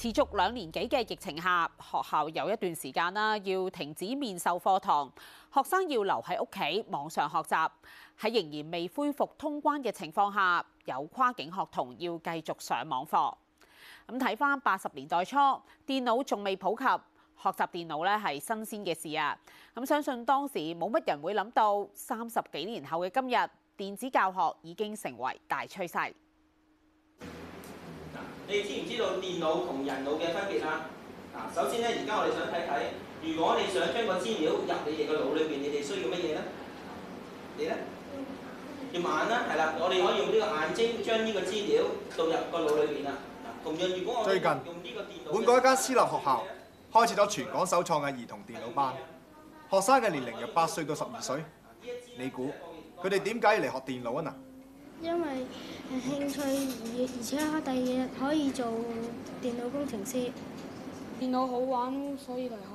持續兩年幾嘅疫情下，學校有一段時間啦，要停止面授課堂，學生要留喺屋企網上學習。喺仍然未恢復通關嘅情況下，有跨境學童要繼續上網課。咁睇返八十年代初，電腦仲未普及，學習電腦呢係新鮮嘅事啊！咁相信當時冇乜人會諗到三十幾年後嘅今日，電子教學已經成為大趨勢。你知唔知道電腦同人腦嘅分別啊？嗱，首先咧，而家我哋想睇睇，如果你想將個資料入你哋個腦裏邊，你哋需要乜嘢咧？你咧？要眼啦，係啦，我哋可以用呢個眼睛將呢個資料導入個腦裏邊啦。同樣，如果我最近本港一間私立學校，開始咗全港首創嘅兒童電腦班，學生嘅年齡由八歲到十二歲。你估佢哋點解要嚟學電腦啊？嗱？因為係興趣而，而而且第二日可以做電腦工程師。電腦好玩，所以嚟學。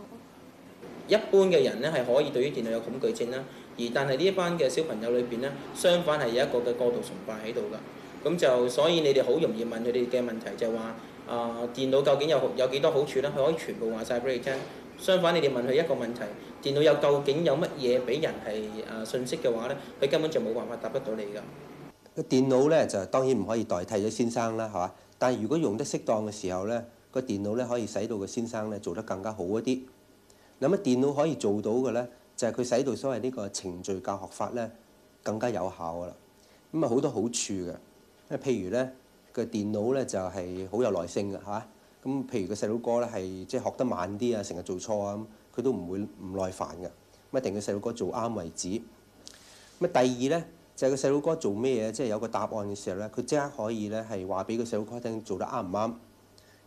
一般嘅人呢係可以對於電腦有恐懼症啦，而但係呢一班嘅小朋友裏邊呢，相反係有一個嘅過度崇拜喺度㗎。咁就所以你哋好容易問佢哋嘅問題就，就係話啊電腦究竟有有幾多好處呢？佢可以全部話晒俾你聽。相反，你哋問佢一個問題，電腦又究竟有乜嘢俾人係啊信息嘅話呢？佢根本就冇辦法答得到你㗎。個電腦咧就當然唔可以代替咗先生啦，係嘛？但係如果用得適當嘅時候咧，個電腦咧可以使到個先生咧做得更加好一啲。咁啊，電腦可以做到嘅咧，就係佢使到所謂呢個程序教學法咧更加有效噶啦。咁啊好多好處嘅，譬如咧個電腦咧就係好有耐性嘅，係嘛？咁譬如個細佬哥咧係即係學得慢啲啊，成日做錯啊，咁佢都唔會唔耐煩嘅。咁啊，等個細佬哥做啱為止。咁啊，第二咧。就係個細路哥做咩嘢，即係有個答案嘅時候咧，佢即刻可以咧係話俾個細路哥聽，做得啱唔啱？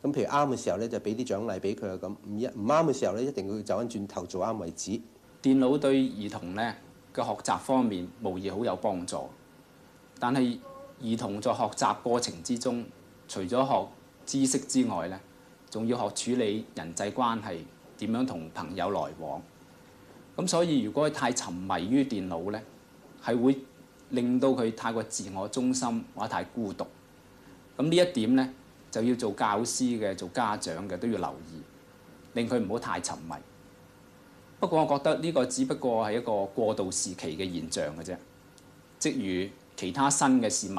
咁譬如啱嘅時候咧，就俾啲獎勵俾佢啊咁。唔一唔啱嘅時候咧，一定要走翻轉頭做啱為止。電腦對兒童咧嘅學習方面無疑好有幫助，但係兒童在學習過程之中，除咗學知識之外咧，仲要學處理人際關係，點樣同朋友來往。咁所以如果佢太沉迷於電腦咧，係會～令到佢太過自我中心或者太孤獨，咁呢一點咧就要做教師嘅、做家長嘅都要留意，令佢唔好太沉迷。不過我覺得呢個只不過係一個過渡時期嘅現象嘅啫，即如其他新嘅事物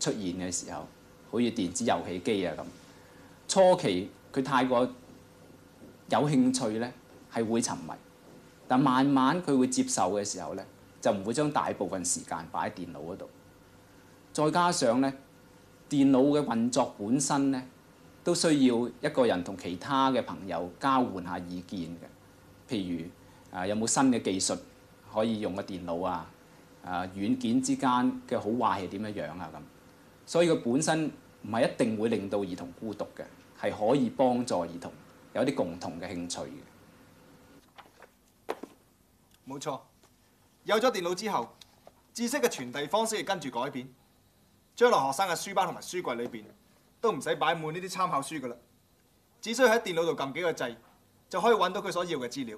出現嘅時候，好似電子遊戲機啊咁，初期佢太過有興趣咧係會沉迷，但慢慢佢會接受嘅時候咧。就唔會將大部分時間擺喺電腦嗰度。再加上咧，電腦嘅運作本身咧，都需要一個人同其他嘅朋友交換下意見嘅。譬如啊，有冇新嘅技術可以用個電腦啊？啊，軟件之間嘅好壞係點樣樣啊？咁，所以佢本身唔係一定會令到兒童孤獨嘅，係可以幫助兒童有啲共同嘅興趣嘅。冇錯。有咗電腦之後，知識嘅傳遞方式亦跟住改變。將來學生嘅書包同埋書櫃裏邊都唔使擺滿呢啲參考書㗎喇，只需要喺電腦度撳幾個掣，就可以揾到佢所要嘅資料。